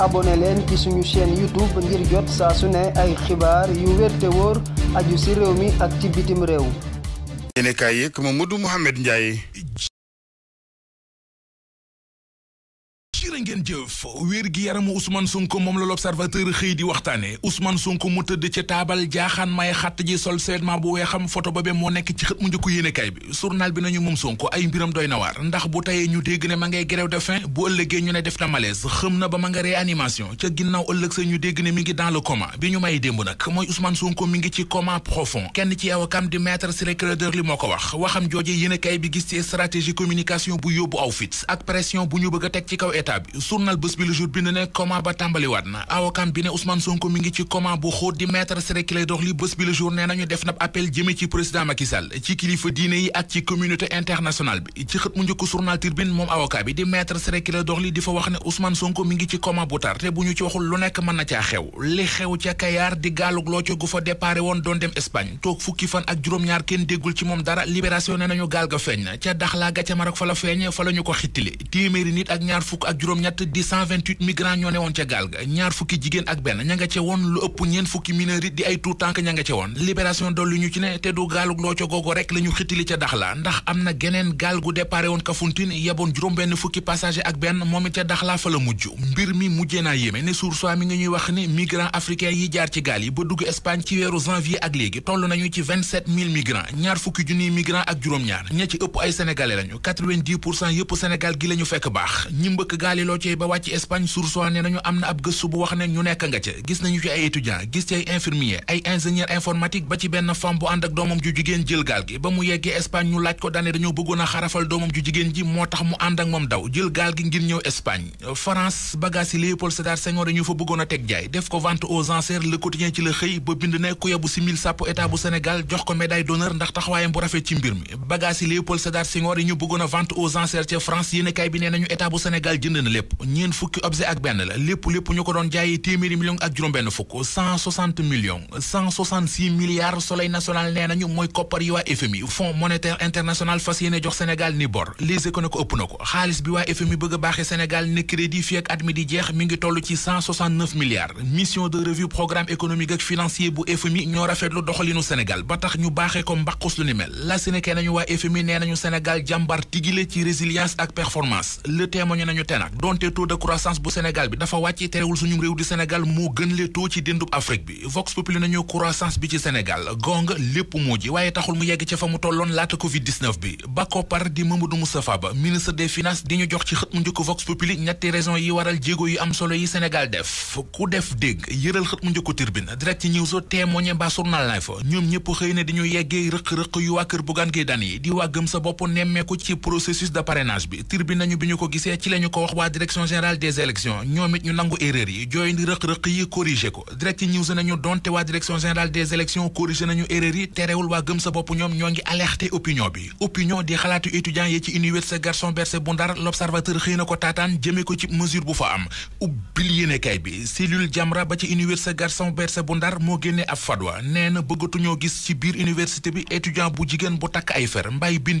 abonné leen ci suñu chaîne YouTube ngir jot saa su ne ay xibaar yu wér te wóor aju ci réew mi ak ci bitim réew. yéen a moom yeeg Mamadou Mouhamed jërë ngeen jëf wér gi yaramu Ousmane Sonko moom la l'observateur xëy di waxtaane Ousmane Sonko mu tëdd ci taabal jaaxaan may xatt ji sol seulement bu weexam photo ba be moo nekk ci xët mu njëkk yéenekaay bi journal bi nañu moom Sonko ay mbiram doy na waar ndax bu tayee ñu dégg ne ma ngay grève de faim bu ëllëgee ñu ne def na malaise xëm na ba ma nga réanimation ca ginnaaw ëllëg sa ñu dégg ne mi ngi dans le coma bi ñu may démb nag mooy Ousmane mi ngi ci coma profond kenn ci awakam di maître Ciré Clédor Ly moo ko wax waxam jooje bi gis ci stratégie communication bu yóbbu aw fit ak pression bu teg ci kaw état bi journal bés bi le jour bi ne comment ba tàmbaliwaat na awakam bi ne Ousmane Sonko mi ngi ci comment bu xóot di maître Ciré Clédor Ly bés bi le jour nee nañu def na appel jëme ci président Macky ci kilifa diine yi ak ci communauté internationale bi ci xët mu njëkk journal Tribune moom avocat bi di maître Ciré Clédor Ly di fa wax ne Ousmane Sonko mi ngi ci comment bu tar te bu ñu ci waxul lu nekk mën na caa xew li xew ca Kayaar di gaalug loo gu juróom-ñett di 128 migrants ñoo ne woon ca gaal ga ñaar fukki jigéen ak benn ña ca woon lu ëpp ñeen fukki mineur di ay tuut tànk ña ca woon libération dolli ñu ci ne te du gaalug loo ca googu rek la xitili ca Daxla ndax am na geneen gaal gu déparé woon Kafountine yeboon juróom-benn fukki passager ak benn moom ca Daxla fa la mujj mbir mi mujjee naa yéeme ne source mi nga ñuy wax ni migrants africains yi jaar ci gaal yi ba dugg Espagne ci gaaliloo ci ba wàcc Espagne sursoi ne nañu am na ab gëstu bu wax ne ñu nekk nga ca gis nañu ci ay étudiant gis ci ay infirmier ay ingénieur informatique ba ci benn femme bu ànd ak doomam ju jigéen jël gaal gi ba mu yeggee Espagne ñu laaj ko daane dañoo bëggoon a xarafal doomam ju jigéen ji moo tax mu ànd ak moom daw jël gaal gi ngir ñëw Espagne France bagage yi Léopold Sédar Senghor dañu fa bëggoon teg jaay def ko vente aux enchères le quotidien ci la xëy jënd lépp ñeen fukki objet ak benn la lépp lépp ñu ko doon jaayee téeméeri million ak juróom milliards soleil national nee nañu mooy koppar yi waa FMI fonds monétaire international fas jox Sénégal ni bor les économies ko ëpp na ko xaalis bi waa FMI bëgg a Sénégal ne crédit fii ak at mi di jeex mi ngi ci milliards mission de revue programme économique ak financier bu FMI ñoo rafetlu doxalinu Sénégal ba tax ñu baaxee ko mbaqus lu milliards donte taux de croissance bu Sénégal bi dafa wàcc terewul suñu réew di Sénégal moo gën le taux ci déndub Afrique bi Vox Populi nañu croissance bi ci senegal gong lépp moo ji waaye taxul mu yegg ci fa mu tolloon laata Covid 19 bi ba koppar di Mamadou Moustapha Ba ministre des finances di ñu jox ci xët mu njëkk Vox Populi ñetti raison yi waral jéego yu am solo yi Sénégal def ku def dégg yëral xët mu njëkk Tribune direct ci ñëw soo témoigné ba journal Life ñoom ñëpp xëy na dañu yeggee rëq-rëq yu waa kër Bougane Gueye Dany yi di waa gëm sa bopp nemmeeku ci processus de parrainage bi Tribune nañu bi ñu ko gisee ci lañu ko wax waa direction générale des élections ñoom it ñu nangu erreur yi jooy ndi rëq-rëq yi corrigé ko direct news nañu donte waa direction générale des élections corrigé nañu erreur yi terewul waa gëm sa bopp ñoom ñoo ngi alerté opinion bi opinion di xalaatu étudiant yi ci université Gaston Berger bu Ndar l'observateur xëy na ko taataan jëmee ko ci mesure bu fa am ubbil yéenekaay bi cellule Jamra ba ci université Gaston Berger bu Ndar moo génnee ab fadwa nee jigéen bu takk ay fer mbay bin